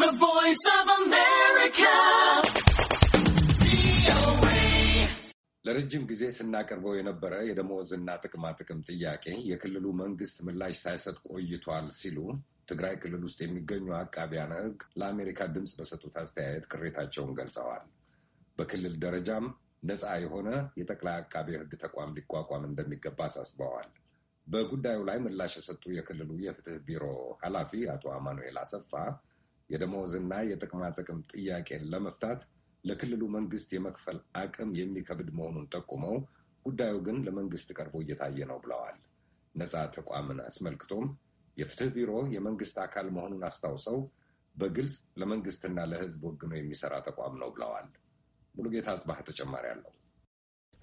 The Voice of America. ለረጅም ጊዜ ስናቀርበው የነበረ የደመወዝና ጥቅማ ጥቅም ጥያቄ የክልሉ መንግስት ምላሽ ሳይሰጥ ቆይቷል ሲሉ ትግራይ ክልል ውስጥ የሚገኙ አቃቢያነ ሕግ ለአሜሪካ ድምፅ በሰጡት አስተያየት ቅሬታቸውን ገልጸዋል። በክልል ደረጃም ነፃ የሆነ የጠቅላይ አቃቤ ሕግ ተቋም ሊቋቋም እንደሚገባ አሳስበዋል። በጉዳዩ ላይ ምላሽ የሰጡ የክልሉ የፍትህ ቢሮ ኃላፊ አቶ አማኑኤል አሰፋ የደሞዝና የጥቅማጥቅም ጥያቄን ለመፍታት ለክልሉ መንግስት የመክፈል አቅም የሚከብድ መሆኑን ጠቁመው ጉዳዩ ግን ለመንግስት ቀርቦ እየታየ ነው ብለዋል። ነፃ ተቋምን አስመልክቶም የፍትህ ቢሮ የመንግስት አካል መሆኑን አስታውሰው በግልጽ ለመንግስትና ለህዝብ ወግኖ የሚሰራ ተቋም ነው ብለዋል። ሙሉጌታ አጽባህ ተጨማሪ አለው።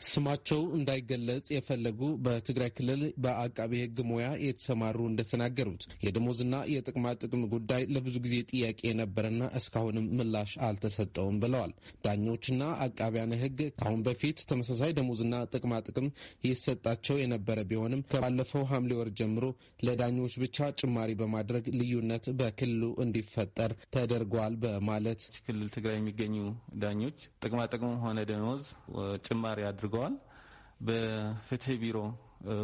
ስማቸው እንዳይገለጽ የፈለጉ በትግራይ ክልል በአቃቢ ሕግ ሙያ የተሰማሩ እንደተናገሩት የደሞዝና የጥቅማ ጥቅም ጉዳይ ለብዙ ጊዜ ጥያቄ የነበረና እስካሁንም ምላሽ አልተሰጠውም ብለዋል። ዳኞችና አቃቢያነ ሕግ ከአሁን በፊት ተመሳሳይ ደሞዝና ጥቅማ ጥቅም ይሰጣቸው የነበረ ቢሆንም ከባለፈው ሐምሌ ወር ጀምሮ ለዳኞች ብቻ ጭማሪ በማድረግ ልዩነት በክልሉ እንዲፈጠር ተደርጓል በማለት ክልል ትግራይ የሚገኙ ዳኞች ጥቅማ ጥቅም ሆነ ደሞዝ ጭማሪ አድርገው አድርገዋል። በፍትህ ቢሮ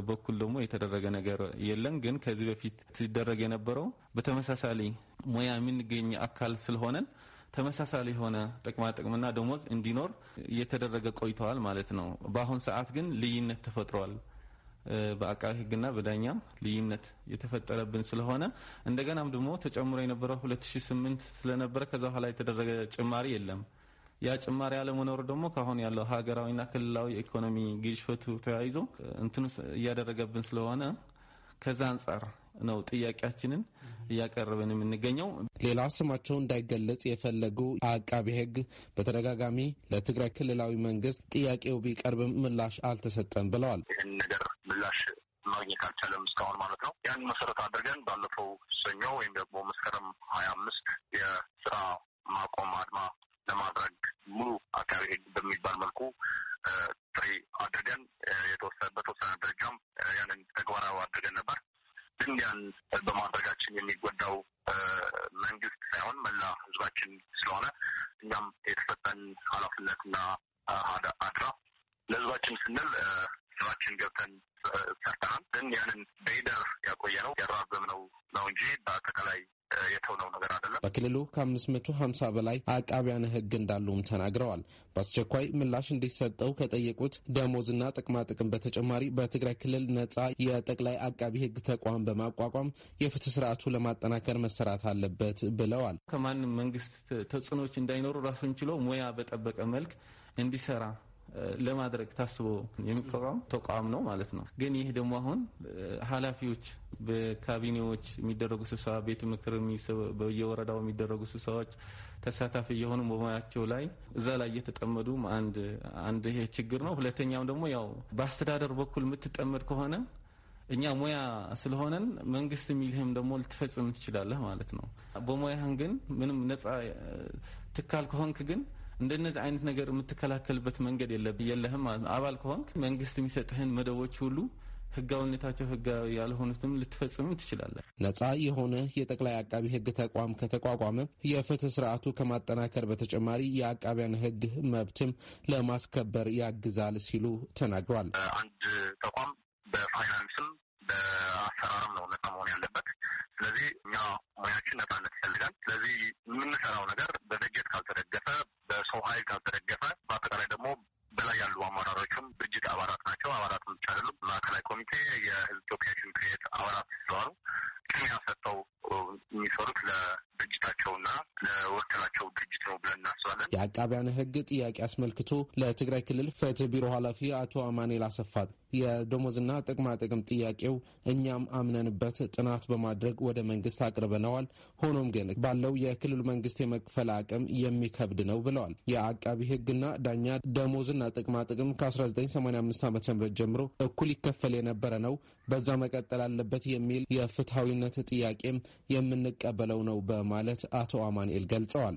በኩል ደግሞ የተደረገ ነገር የለም። ግን ከዚህ በፊት ሲደረግ የነበረው በተመሳሳሊ ሙያ የምንገኝ አካል ስለሆነን ተመሳሳይ የሆነ ጥቅማጥቅምና ደሞዝ እንዲኖር እየተደረገ ቆይተዋል ማለት ነው። በአሁን ሰዓት ግን ልዩነት ተፈጥሯል። በአቃቢ ሕግና በዳኛ ልዩነት የተፈጠረብን ስለሆነ እንደገናም ደግሞ ተጨምሮ የነበረው 208 ስለነበረ ከዛ በኋላ የተደረገ ጭማሪ የለም። ያ ጭማሪ አለመኖር ደግሞ ከአሁን ያለው ሀገራዊና ክልላዊ የኢኮኖሚ ግሽፈቱ ተያይዞ እንትኑ እያደረገብን ስለሆነ ከዛ አንጻር ነው ጥያቄያችንን እያቀረብን የምንገኘው። ሌላ ስማቸው እንዳይገለጽ የፈለጉ አቃቢ ሕግ በተደጋጋሚ ለትግራይ ክልላዊ መንግስት ጥያቄው ቢቀርብም ምላሽ አልተሰጠም ብለዋል። ይህን ነገር ምላሽ ማግኘት አልቻለም እስካሁን ማለት ነው። ያን መሰረት አድርገን ባለፈው ሰኞ ወይም ደግሞ መስከረም ሀያ አምስት የስራ ማቆም አድማ ለማድረግ ሙሉ አካባቢ ህግ በሚባል መልኩ ጥሪ አድርገን በተወሰነ ደረጃም ያንን ተግባራዊ አድርገን ነበር። ግን ያን በማድረጋችን የሚጎዳው መንግስት ሳይሆን መላ ህዝባችን ስለሆነ እኛም የተሰጠን ኃላፊነትና አድራ ለህዝባችን ስንል ስራችን ገብተን ሰርተናል። ግን ያንን በሂደር ያቆየ ነው ያራዘም ነው ነው እንጂ በአጠቃላይ የተውነው ነገር አይደለም። በክልሉ ከአምስት መቶ ሀምሳ በላይ አቃቢያነ ህግ እንዳሉም ተናግረዋል። በአስቸኳይ ምላሽ እንዲሰጠው ከጠየቁት ደሞዝና ጥቅማጥቅም በተጨማሪ በትግራይ ክልል ነጻ የጠቅላይ አቃቢ ህግ ተቋም በማቋቋም የፍትህ ስርዓቱ ለማጠናከር መሰራት አለበት ብለዋል። ከማንም መንግስት ተጽዕኖዎች እንዳይኖሩ ራሱን ችሎ ሙያ በጠበቀ መልክ እንዲሰራ ለማድረግ ታስቦ የሚቋቋም ተቋም ነው ማለት ነው። ግን ይህ ደግሞ አሁን ኃላፊዎች በካቢኔዎች የሚደረጉ ስብሰባ፣ ቤት ምክር በየወረዳው የሚደረጉ ስብሰባዎች ተሳታፊ የሆኑ በሙያቸው ላይ እዛ ላይ እየተጠመዱ አንድ አንድ ይሄ ችግር ነው። ሁለተኛም ደግሞ ያው በአስተዳደር በኩል የምትጠመድ ከሆነ እኛ ሙያ ስለሆነን መንግስት የሚልህም ደግሞ ልትፈጽም ትችላለህ ማለት ነው። በሙያህን ግን ምንም ነጻ ትካል ከሆንክ ግን እንደነዚህ አይነት ነገር የምትከላከልበት መንገድ የለህም ማለት አባል ከሆንክ መንግስት የሚሰጥህን መደቦች ሁሉ ህጋዊነታቸው ህጋዊ ያልሆኑትም ልትፈጽሙ ትችላለን። ነጻ የሆነ የጠቅላይ አቃቢ ህግ ተቋም ከተቋቋመ የፍትህ ስርዓቱ ከማጠናከር በተጨማሪ የአቃቢያን ህግ መብትም ለማስከበር ያግዛል ሲሉ ተናግሯል። አንድ ተቋም በፋይናንስም በአሰራርም ነው ነጻ መሆን ያለበት። ስለዚህ እኛ ሙያችን ነጻነት ይፈልጋል። ስለዚህ የምንሰራው ነገር Il faut que la... ድርጅታቸውና ለወከላቸው ድርጅት ነው ብለን እናስባለን። የአቃቢያን ሕግ ጥያቄ አስመልክቶ ለትግራይ ክልል ፍትህ ቢሮ ኃላፊ አቶ አማኔል አሰፋት የደሞዝና ጥቅማ ጥቅም ጥያቄው እኛም አምነንበት ጥናት በማድረግ ወደ መንግስት አቅርበነዋል። ሆኖም ግን ባለው የክልሉ መንግስት የመክፈል አቅም የሚከብድ ነው ብለዋል። የአቃቢ ህግና ዳኛ ደሞዝና ጥቅማ ጥቅም ከ1985 ዓ ም ጀምሮ እኩል ይከፈል የነበረ ነው፣ በዛ መቀጠል አለበት የሚል የፍትሐዊነት ጥያቄም የምንቀበለው ነው በማ በማለት አቶ አማንኤል ገልጸዋል።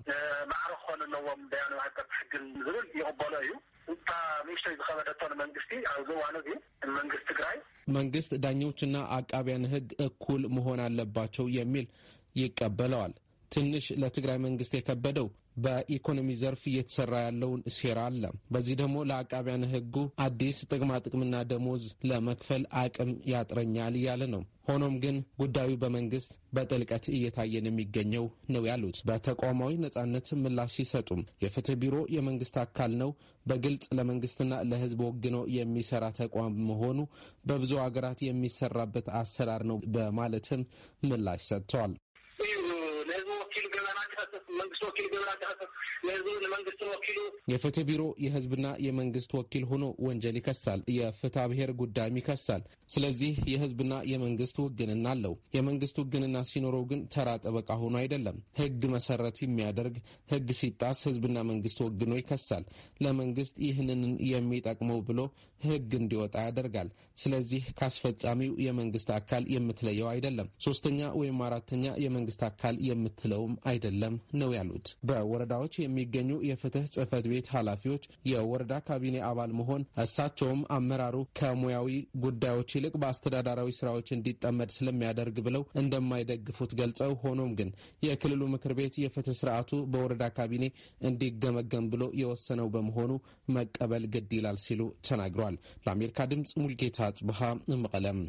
ማዕርግ ኮነ ኣለዎም ዳያኑ ሃገር ሕግን ዝብል ይቕበሎ እዩ እታ ንእሽተይ ዝኸበደቶ ንመንግስቲ ኣብዚ እዋኑ እዩ መንግስት ትግራይ መንግስት ዳኞችና አቃቢያን ህግ እኩል መሆን አለባቸው የሚል ይቀበለዋል። ትንሽ ለትግራይ መንግስት የከበደው በኢኮኖሚ ዘርፍ እየተሰራ ያለውን ሴራ አለ። በዚህ ደግሞ ለአቃቢያን ህጉ አዲስ ጥቅማ ጥቅምና ደሞዝ ለመክፈል አቅም ያጥረኛል እያለ ነው። ሆኖም ግን ጉዳዩ በመንግስት በጥልቀት እየታየን የሚገኘው ነው ያሉት በተቋማዊ ነጻነት ምላሽ ሲሰጡም የፍትህ ቢሮ የመንግስት አካል ነው፣ በግልጽ ለመንግስትና ለህዝብ ወግኖ የሚሰራ ተቋም መሆኑ በብዙ ሀገራት የሚሰራበት አሰራር ነው በማለትም ምላሽ ሰጥተዋል። መንግስት ወኪል ገብራ ዳሰስ መንግስት ወኪሉ የፍትህ ቢሮ የህዝብና የመንግስት ወኪል ሆኖ ወንጀል ይከሳል፣ የፍትሐ ብሔር ጉዳይም ይከሳል። ስለዚህ የህዝብና የመንግስት ውግንና አለው። የመንግስት ውግንና ሲኖረው ግን ተራ ጠበቃ ሆኖ አይደለም። ህግ መሰረት የሚያደርግ ህግ ሲጣስ ህዝብና መንግስት ወግኖ ይከሳል። ለመንግስት ይህንን የሚጠቅመው ብሎ ህግ እንዲወጣ ያደርጋል። ስለዚህ ካስፈጻሚው የመንግስት አካል የምትለየው አይደለም። ሶስተኛ ወይም አራተኛ የመንግስት አካል የምትለውም አይደለም ነው ያሉት። በወረዳዎች የሚገኙ የፍትህ ጽህፈት ቤት ኃላፊዎች የወረዳ ካቢኔ አባል መሆን እሳቸውም አመራሩ ከሙያዊ ጉዳዮች ይልቅ በአስተዳደራዊ ስራዎች እንዲጠመድ ስለሚያደርግ ብለው እንደማይደግፉት ገልጸው ሆኖም ግን የክልሉ ምክር ቤት የፍትህ ስርዓቱ በወረዳ ካቢኔ እንዲገመገም ብሎ የወሰነው በመሆኑ መቀበል ግድ ይላል ሲሉ ተናግሯል። ለአሜሪካ ድምጽ ሙልጌታ ጽብሃ መቀለም